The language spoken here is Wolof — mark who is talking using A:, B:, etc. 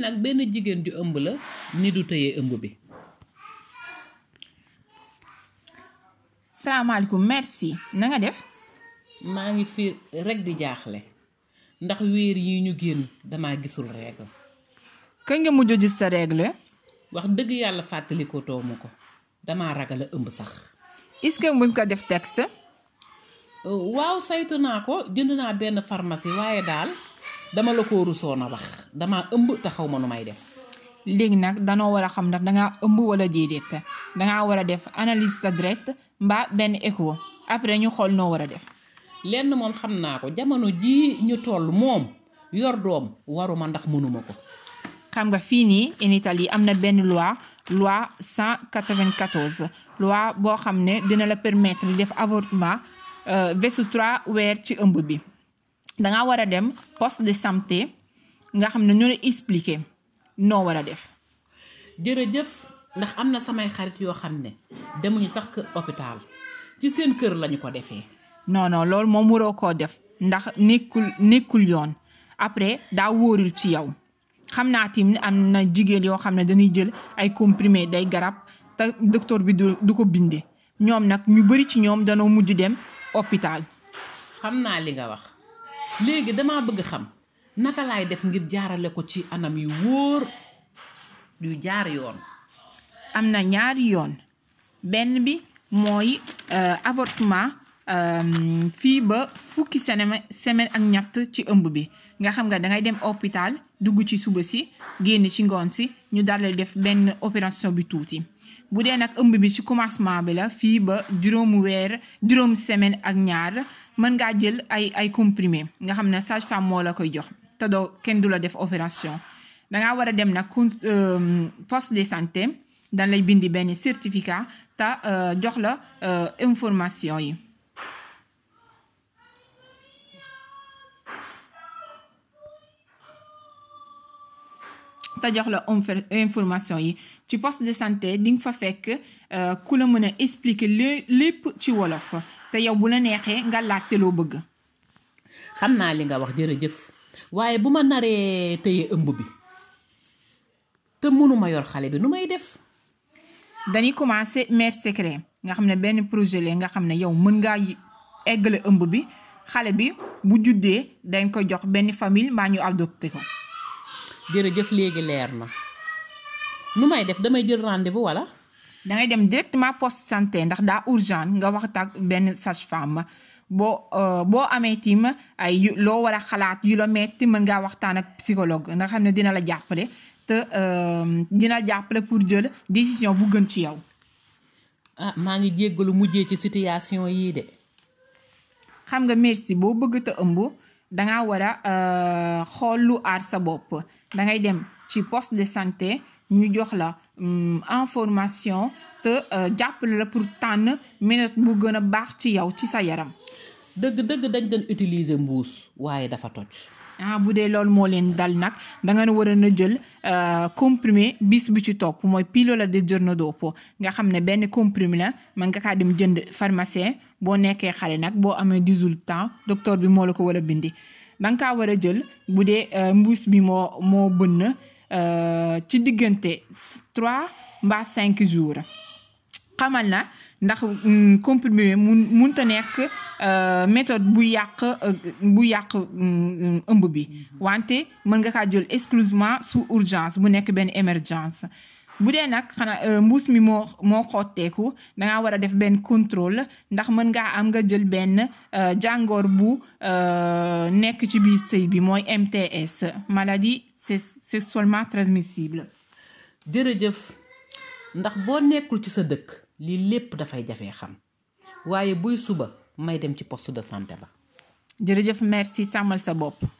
A: nag benn jigéen ju ëmb la ni du tëyee ëmb bi.
B: salaamaaleykum merci na
A: def. maa ngi fi rekk di jaaxle ndax weer yi ñu génn damaa gisul règle. kañ nga mujj gis sa règle. wax dëgg yàlla fàttali ko toomu ko damaa ragal a ëmb sax. est-ce que ko def texte. waaw saytu naa ko jënd naa benn pharmacie waaye daal. dama la ko rusoon a wax dama ëmb taxaw ma nu may def. léegi nag danoo war a xam ndax danga ëmb wala déedéet dangaa war a def analyse sa direct mbaa benn écho après ñu xool noo war a def. lenn moom xam naa ko jamono jii ñu toll moom yor doom waruma ndax mënuma ko. xam nga fii nii en Italie am na benn loi loi 194
B: loi boo xam ne dina la permettre def avortement bésu euh, 3 weer ci ëmb bi. da nga war a dem poste de santé nga xam ne ñu la expliquer
A: noo war a def. jërëjëf ndax am na samay xarit yoo xam ne demuñu sax kër hôpital ci seen kër lañu ko defee.
B: non non loolu moom waroo koo def ndax nekkul nekkul yoon après daa wóorul ci yow xam naa tamit am na jigéen yoo xam ne dañuy jël ay comprimer day garab te docteur bi du du ko bindee ñoom nag ñu bari ci ñoom danoo mujj dem hôpital.
A: xam naa li nga wax. léegi damaa bëgg xam naka laay def ngir jaarale ko ci anam yu wóor yu jaar yoon. am na ñaari yoon
B: benn bi mooy euh, avortement euh, fii ba fukki semaine semaine ak ñett ci ëmb bi nga xam nga dangay dem hôpital dugg ci suba si génn ci ngoon si ñu daldi def benn opération bi tuuti. bu dee nag ëmb bi ci commencement bi la fii ba juróom weer juróom semaine ak ñaar mën ngaa jël ay ay comprimé nga xam ne sage femme moo la koy jox te doo kenn du la def opération dangaa war a dem nag euh, poste de santé dañ lay bindi benn certificat te euh, jox la euh, information yi te jox la information yi ci poste de santé di nga fa fekk euh,
A: ku la mën a expliquer lépp ci wolof te yow bu la neexee nga laajte loo bëgg. xam naa li nga wax jërëjëf waaye bu ma naree tëye ëmb bi te mënuma yor xale bi nu may def. dañuy commencé
B: mère secret nga xam ne benn projet la nga xam ne yow mën ngaa eggale ëmb bi xale bi bu juddee dañ ko jox benn famille mbaa ñu adopte ko.
A: jërëjëf léegi leer na
B: lu may def damay jël rendez-vous wala. da ngay dem directement poste santé ndax daa urgent nga waxtaan ak benn sage-femme boo euh, boo amee tim ay loo war a xalaat yu la metti mën ngaa waxtaan ak psychologue nga xam ne dina la jàppale te euh, dina jàppale pour jël décision bu gën ci yow.
A: Ah, maa ngi jéggalu mujjee ci
B: situation yii de. xam nga merci boo bëgg te ëmb. dangaa war a euh, xool lu aar sa bopp dangay dem ci poste de santé ñu jox la mm, information te euh, jàppale la pour tànn méthode bu gën a baax ci yow ci sa yaram dëgg-dëgg dañ doon utiliser mbuus waaye dafa toj. ah bu dee loolu moo leen dal nag danga nga war a na jël euh, comprimé bis bu ci topp mooy pilule di giorno dopo nga xam ne benn comprimé la man ka kaa dem jënd pharmacien boo nekkee xale nag boo amee 18 ans docteur bi moo la ko war a bindi danga nga kaa war a jël bu dee euh, mbuus bi moo moo bënn euh, ci diggante 3 mbaa 5 jours. xamal na ndax mm, comprimé mu munta nekk euh, méthode bu yàq euh, bu yàq mm, ëmb bi wante mën nga kaa jël exclusivement sous urgence bu nekk benn émergence bu dee nag xanaa euh, mbuus mi moo moo xotteeku dangaa war a def benn contrôle ndax mën ngaa am nga jël benn jàngoor bu nekk ci biir sëy bi mooy MTS maladie
A: sexuellement transmissible jërëjëf ndax boo nekkul ci sa dëkk lii lépp dafay jafee xam waaye buy suba may dem ci post de sante ba. jërëjëf merci sàmmal sa bopp.